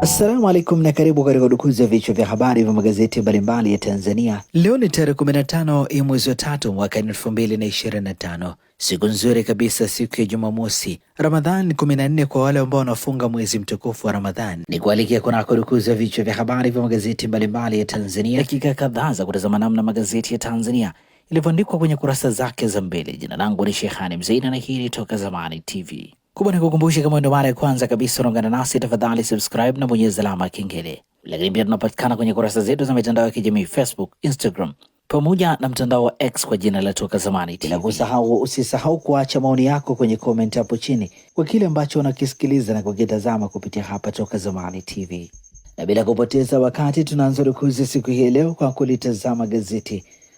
Assalamu alaikum na karibu katika udukuzi ya vichwa vya habari vya magazeti mbalimbali ya Tanzania. Leo ni tarehe 15 ya mwezi wa tatu mwaka 2025. Siku nzuri kabisa, siku ya Jumamosi, Ramadhan 14 kwa wale ambao wanafunga mwezi mtukufu wa Ramadhan. Ni kualikia kunako ya vichwa vya habari vya magazeti mbalimbali ya Tanzania, dakika kadhaa za kutazama namna magazeti ya Tanzania ilivyoandikwa kwenye kurasa zake za mbele. Jina langu ni shehani Mzeina na hii ni Toka Zamani TV. Kubwa ni kukumbusha, kama ndio mara ya kwanza kabisa unaungana nasi, tafadhali subscribe na bonyeza alama ya kengele. Lakini pia tunapatikana kwenye kurasa zetu za mitandao ya kijamii Facebook, Instagram pamoja na mtandao wa X kwa jina la Toka Zamani. Bila kusahau, usisahau kuacha maoni yako kwenye comment hapo chini kwa kile ambacho unakisikiliza na kukitazama kupitia hapa Toka Zamani TV, na bila kupoteza wakati tunaanza rukuzi siku hii leo kwa kulitazama gazeti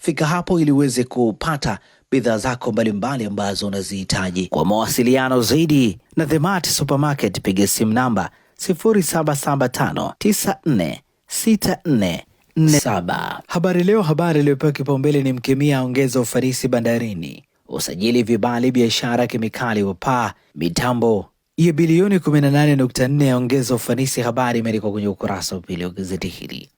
fika hapo ili uweze kupata bidhaa zako mbalimbali ambazo unazihitaji. Kwa mawasiliano zaidi na Mart Supermarket, piga simu namba 0775946447. Habari Leo, habari iliyopewa kipaumbele ni mkemia aongeza ufanisi bandarini, usajili vibali biashara kemikali paa mitambo ya bilioni 18.4 yaongeza ufanisi. Habari imeandikwa kwenye ukurasa wa pili wa gazeti hili.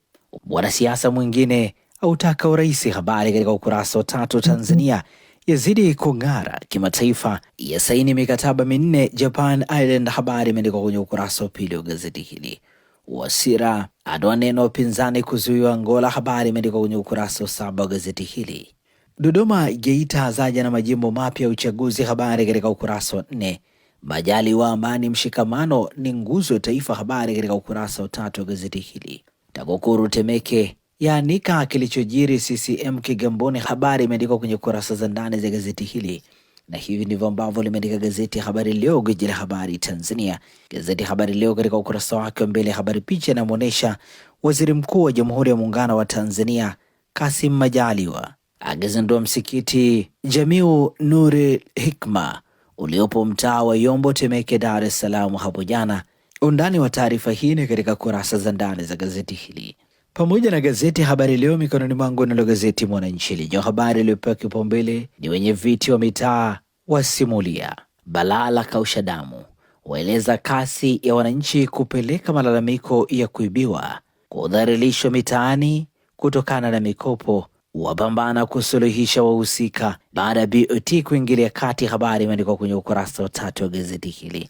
Mwanasiasa mwingine autaka urais. Habari katika ukurasa wa tatu. Tanzania yazidi kung'ara kimataifa, yasaini mikataba minne Japan Island. Habari imeandikwa kwenye ukurasa wa pili wa gazeti hili. Wasira atoa neno upinzani kuzuiwa Angola. Habari imeandikwa kwenye ukurasa wa saba wa gazeti hili. Dodoma, Geita zaja na majimbo mapya ya uchaguzi. Habari katika ukurasa wa nne. Majali wa amani, mshikamano ni nguzo ya taifa. Habari katika ukurasa wa tatu wa gazeti hili. TAKUKURU Temeke yaanika kilichojiri CCM Kigamboni. Habari imeandikwa kwenye kurasa za ndani za gazeti hili na hivi ndivyo ambavyo limeandika gazeti ya Habari Leo, gwiji la habari Tanzania. Gazeti Habari Leo katika ukurasa wake wa mbele ya habari, picha inamwonyesha waziri mkuu wa Jamhuri ya Muungano wa Tanzania Kasim Majaliwa akizindua msikiti Jamiu Nuri Hikma uliopo mtaa wa Yombo, Temeke, Dar es Salaam hapo jana. Undani wa taarifa hii ni katika kurasa za ndani za gazeti hili pamoja na gazeti Habari Leo mikononi mwangu. Nalo gazeti Mwananchi lenye habari iliyopewa kipaumbele ni wenye viti wa mitaa wasimulia balaa la kausha damu, waeleza kasi ya wananchi kupeleka malalamiko ya kuibiwa, kudhalilishwa mitaani kutokana na mikopo, wapambana kusuluhisha wahusika baada ya BOT kuingilia kati. Habari imeandikwa kwenye ukurasa wa tatu wa gazeti hili.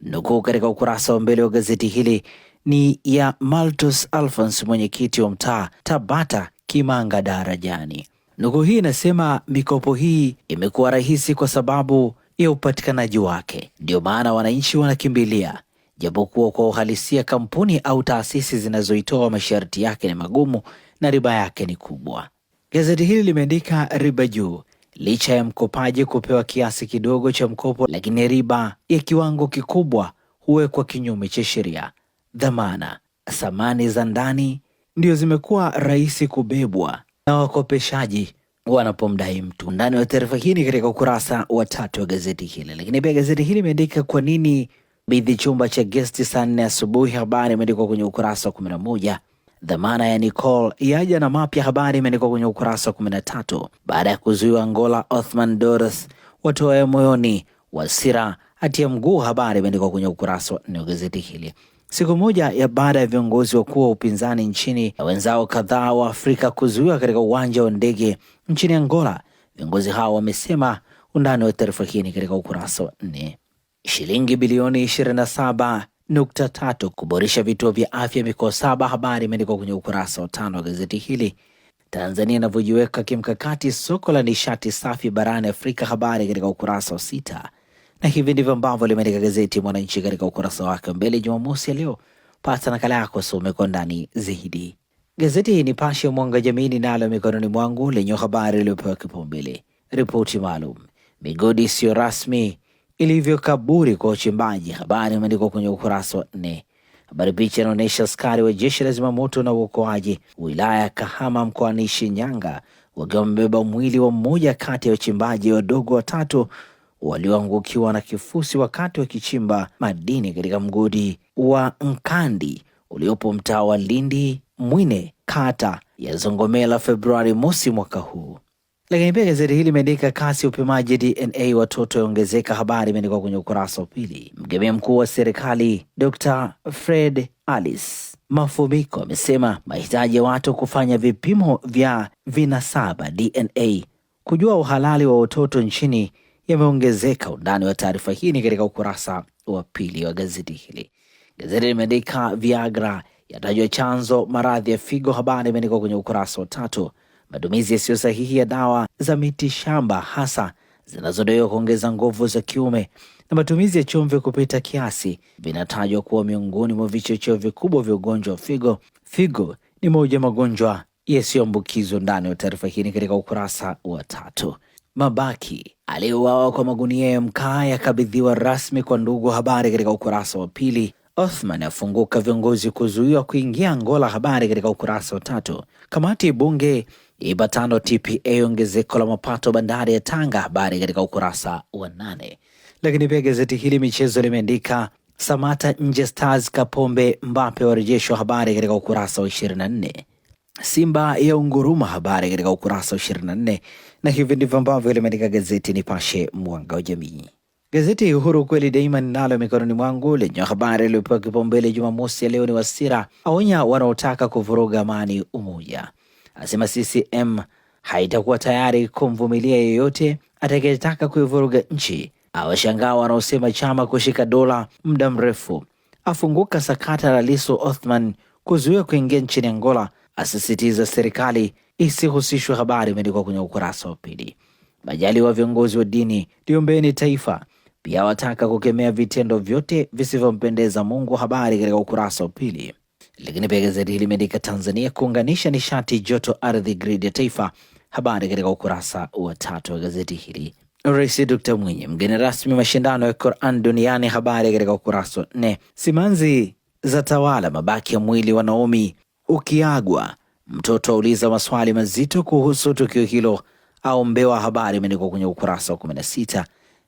Nukuu katika ukurasa wa mbele wa gazeti hili ni ya Maltus Alphonse, mwenyekiti wa mtaa Tabata Kimanga Darajani. Nukuu hii inasema mikopo hii imekuwa rahisi kwa sababu ya upatikanaji wake, ndio maana wananchi wanakimbilia, japokuwa kwa uhalisia kampuni au taasisi zinazoitoa masharti yake ni magumu na riba yake ni kubwa. Gazeti hili limeandika riba juu, licha ya mkopaji kupewa kiasi kidogo cha mkopo, lakini riba ya kiwango kikubwa huwekwa kinyume cha sheria dhamana, samani za ndani ndio zimekuwa rahisi kubebwa na wakopeshaji wanapomdai mtu. Ndani wa taarifa hii ni katika ukurasa wa tatu wa gazeti hili, lakini pia gazeti hili imeandika kwa nini bidhi chumba cha gesti saa nne asubuhi. Habari imeandikwa kwenye ukurasa wa kumi na moja. Dhamana ya nicol yaja na mapya. Habari imeandikwa kwenye ukurasa wa kumi na tatu. Baada ya kuzuiwa Angola, Othman Doris watoae moyoni, Wasira atia mguu, habari imeandikwa kwenye ukurasa wa nne wa gazeti hili. Siku moja ya baada ya viongozi wakuu wa upinzani nchini na wenzao kadhaa wa Afrika kuzuiwa katika uwanja wa ndege nchini Angola, viongozi hao wamesema. Undani wa taarifa hii ni katika ukurasa wa nne. Shilingi bilioni 27.3 kuboresha vituo vya afya mikoa saba, habari imeandikwa kwenye ukurasa wa tano wa gazeti hili. Tanzania inavyojiweka kimkakati soko la nishati safi barani Afrika, habari katika ukurasa wa sita na hivi ndivyo ambavyo limeandika gazeti Mwananchi katika ukurasa wake mbele Jumamosi ya leo. Pata nakala yako, some kwa ndani zaidi. Gazeti hii ni Pashe Mwanga Jamii ninalo mikononi mwangu lenye habari iliyopewa kipaumbele, ripoti maalum, migodi isiyo rasmi ilivyo kaburi kwa uchimbaji. Habari imeandikwa kwenye ukurasa wa nne. Habari picha inaonyesha askari wa jeshi la zimamoto na uokoaji wilaya ya Kahama mkoani Shinyanga wakiwa wamebeba mwili wa mmoja kati ya wachimbaji wadogo watatu walioangukiwa na kifusi wakati wakichimba madini katika mgodi wa Nkandi uliopo mtaa wa Lindi Mwine, kata ya Zongomela, Februari mosi mwaka huu. Lakini pia gazeti hili limeandika kasi ya upimaji DNA watoto yaongezeka. Habari imeandikwa kwenye ukurasa wa pili. Mgemea mkuu wa serikali Dr Fred Alice Mafumiko amesema mahitaji ya watu kufanya vipimo vya vinasaba DNA kujua uhalali wa watoto nchini yameongezeka. Undani wa taarifa hii ni katika ukurasa wa pili wa gazeti hili. Gazeti limeandika Viagra yatajwa chanzo maradhi ya figo, habari imeandikwa kwenye ukurasa wa tatu. Matumizi yasiyo sahihi ya dawa za miti shamba hasa zinazodaiwa kuongeza nguvu za kiume na matumizi ya chumvi kupita kiasi vinatajwa kuwa miongoni mwa vichocheo vikubwa vya ugonjwa wa figo. Figo ni moja magonjwa yasiyoambukizwa. Ndani ya taarifa hii katika ukurasa wa tatu. Mabaki aliyeuawa kwa magunia ya mkaa yakabidhiwa rasmi kwa ndugu. Habari katika ukurasa wa pili. Othman afunguka viongozi kuzuiwa kuingia Angola. Habari katika ukurasa wa tatu. Kamati bunge ipatano TPA ongezeko la mapato bandari ya Tanga. Habari katika ukurasa wa nane. Lakini pia gazeti hili michezo limeandika Samata nje Stars, Kapombe, Mbape warejeshwa. Habari katika ukurasa wa 24. Simba ya unguruma, habari katika ukurasa wa 24, na hivi ndivyo ambavyo limeandika gazeti Nipashe mwanga wa jamii. Gazeti Uhuru kweli daima ninalo mikononi mwangu lenye habari iliyopewa kipaumbele Jumamosi ya leo ni Wasira aonya wanaotaka kuvuruga amani umoja, asema CCM haitakuwa tayari kumvumilia yeyote atakayetaka kuivuruga nchi, awashangaa wanaosema chama kushika dola muda mrefu, afunguka sakata la Lisu Othman kuzuia kuingia nchini Angola asisitiza serikali isihusishwe. Habari imeandikwa kwenye ukurasa wa pili. Majaliwa, viongozi wa dini, liombeni taifa. Pia wataka kukemea vitendo vyote visivyompendeza Mungu. Habari katika ukurasa wa pili. Lakini pia gazeti hili limeandika Tanzania kuunganisha nishati joto ardhi gridi ya taifa. Habari katika ukurasa wa tatu wa gazeti hili. Rais Dkt Mwinyi mgeni rasmi mashindano ya Quran duniani. Habari katika ukurasa wa nne. Simanzi za tawala mabaki ya mwili wa Naomi Ukiagwa, mtoto auliza maswali mazito kuhusu tukio hilo au mbewa. Habari imeandikwa kwenye ukurasa wa 16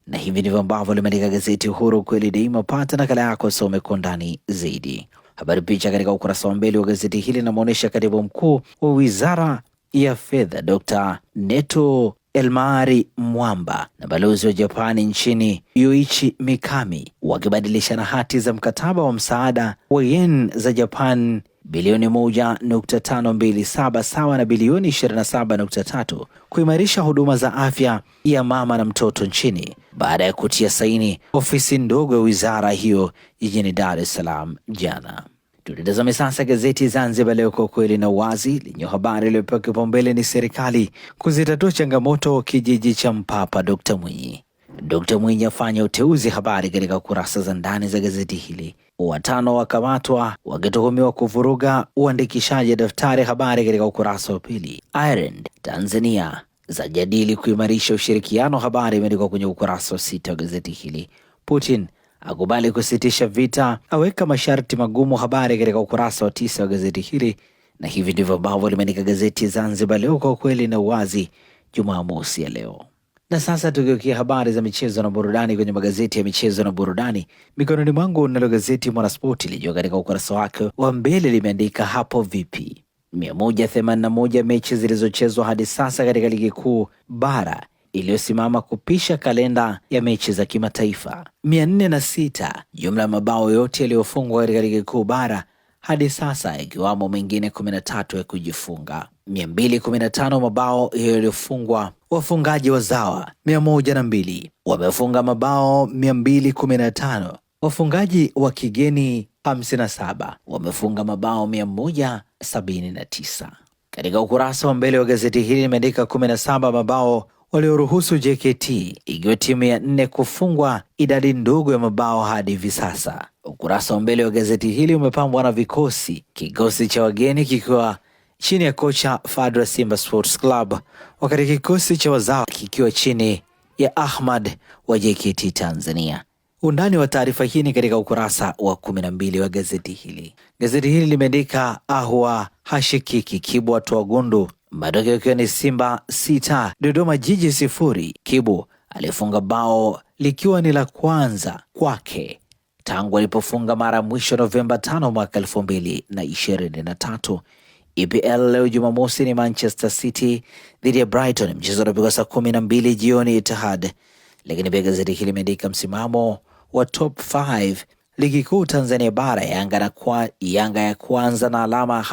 na hivi ndivyo ambavyo limeandika gazeti Uhuru kweli daima. Pata nakala yako some kwa ndani zaidi. Habari picha katika ukurasa wa mbele wa gazeti hili inamwonyesha katibu mkuu wa wizara ya fedha Dr. Neto Elmari Mwamba na balozi wa Japani nchini Yuichi Mikami wakibadilishana hati za mkataba wa msaada wa yen za Japan bilioni 1.527 sawa na bilioni 27.3 kuimarisha huduma za afya ya mama na mtoto nchini baada ya kutia saini ofisi ndogo ya wizara hiyo jijini Dar es Salaam jana. Tulitazame sasa gazeti Zanzibar Leo, kwa ukweli na uwazi, lenye habari iliyopewa kipaumbele ni serikali kuzitatua changamoto kijiji cha Mpapa. Dkt Mwinyi Dkt Mwinyi afanya uteuzi, habari katika kurasa za ndani za gazeti hili watano wakamatwa wakituhumiwa kuvuruga uandikishaji daftari habari katika ukurasa wa pili. Ireland, Tanzania zajadili kuimarisha ushirikiano, habari imeandikwa kwenye ukurasa wa sita wa gazeti hili. Putin akubali kusitisha vita, aweka masharti magumu, habari katika ukurasa wa tisa wa gazeti hili. Na hivi ndivyo ambavyo limeandika gazeti Zanzibar Leo, kwa kweli na uwazi, Jumamosi ya leo. Na sasa tukiukia habari za michezo na burudani kwenye magazeti ya michezo na burudani mikononi mwangu, nalo gazeti Mwanaspoti lijua katika ukurasa wake wa mbele limeandika hapo vipi, 181 mechi zilizochezwa hadi sasa katika ligi kuu bara iliyosimama kupisha kalenda ya mechi za kimataifa 406, jumla ya mabao yote yaliyofungwa katika ligi kuu bara hadi sasa ikiwamo mengine 13 ya kujifunga, 215 mabao yaliyofungwa. Wafungaji wazawa 102 wamefunga mabao 215, wafungaji wa kigeni 57 wamefunga mabao 179. Katika ukurasa wa mbele wa gazeti hili limeandika 17 mabao walioruhusu JKT ikiwa timu ya nne kufungwa idadi ndogo ya mabao hadi hivi sasa. Ukurasa wa mbele wa gazeti hili umepambwa na vikosi, kikosi cha wageni kikiwa chini ya kocha Fadra Simba Sports Club, wakati kikosi cha wazao kikiwa chini ya Ahmad wa JKT Tanzania. Undani wa taarifa hii ni katika ukurasa wa kumi na mbili wa gazeti hili. Gazeti hili limeandika ahwa hashikiki Kibwa toa gundu matokeo yakiwa ni Simba sita Dodoma Jiji sifuri. Kibu alifunga bao likiwa ni la kwanza kwake tangu alipofunga mara ya mwisho Novemba tano mwaka elfu mbili na ishirini na tatu. EPL leo Jumamosi ni Manchester City dhidi ya Brighton, mchezo unapigwa saa kumi na mbili jioni Etihad. Lakini pia gazeti hili limeandika msimamo wa top 5 ligi kuu Tanzania bara, Yanga ya kwanza na alama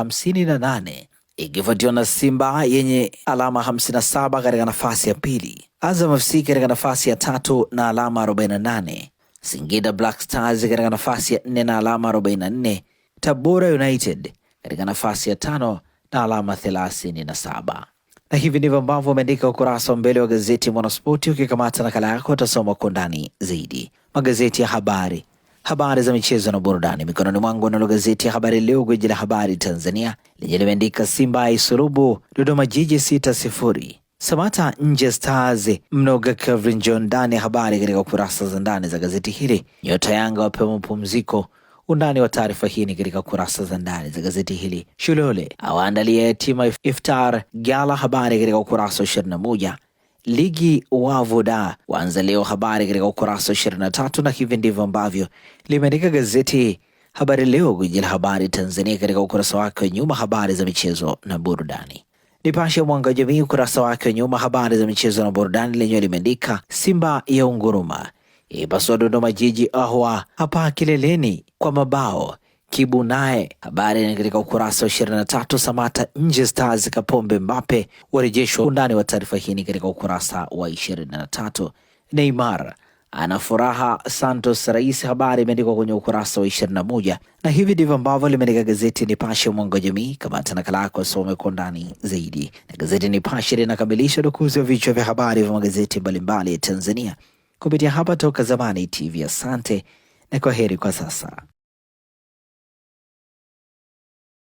nane ikifuatiwa na Simba yenye alama 57 katika nafasi ya pili, Azam FC katika nafasi ya tatu na alama 48, Singida Black Stars katika nafasi ya nne na alama 44, Tabora United katika nafasi ya tano na alama 37. Na hivi ndivyo ambavyo umeandika ukurasa wa mbele wa gazeti Mwanaspoti. Ukikamata nakala yako utasoma kwa ndani zaidi magazeti ya habari Habari za michezo na burudani mikononi mwangu, nalo gazeti ya Habari Leo, gwiji la habari Tanzania, lenye limeandika Simba isurubu Dodoma Jiji sita sifuri, Samata nje Stars mnoga Kevin John ndani. Habari katika kurasa za ndani za gazeti hili. Nyota Yanga wapewa mapumziko undani wa taarifa hii ni katika kurasa za ndani za gazeti hili. Shulole awaandalia yatima iftar gala, habari katika ukurasa wa ishirini na moja. Ligi wavu da waanza leo, habari katika ukurasa wa ishirini na tatu, na hivi ndivyo ambavyo limeandika gazeti Habari Leo, gwiji la habari Tanzania, katika ukurasa wake wa nyuma, habari za michezo na burudani. Nipashe ya Mwanga wa Jamii, ukurasa wake wa nyuma, habari za michezo na burudani, lenyewe limeandika Simba ya unguruma ipasua Dodoma Jiji, ahwa hapa kileleni kwa mabao kibu naye. Habari ni katika ukurasa wa 23. Samata nje Stars Kapombe Mbape warejeshwa. Undani wa taarifa hii ni katika ukurasa wa 23. Neymar ana furaha Santos rais, habari imeandikwa kwenye ukurasa wa 21, na hivi ndivyo ambavyo limeandika gazeti Nipashe mwanga wa jamii. Kamata nakala yako asome kwa undani zaidi, na gazeti Nipashe linakamilisha dukuzi wa vichwa vya habari vya magazeti mbalimbali ya Tanzania kupitia hapa Toka Zamani TV. Asante na kwa heri kwa sasa.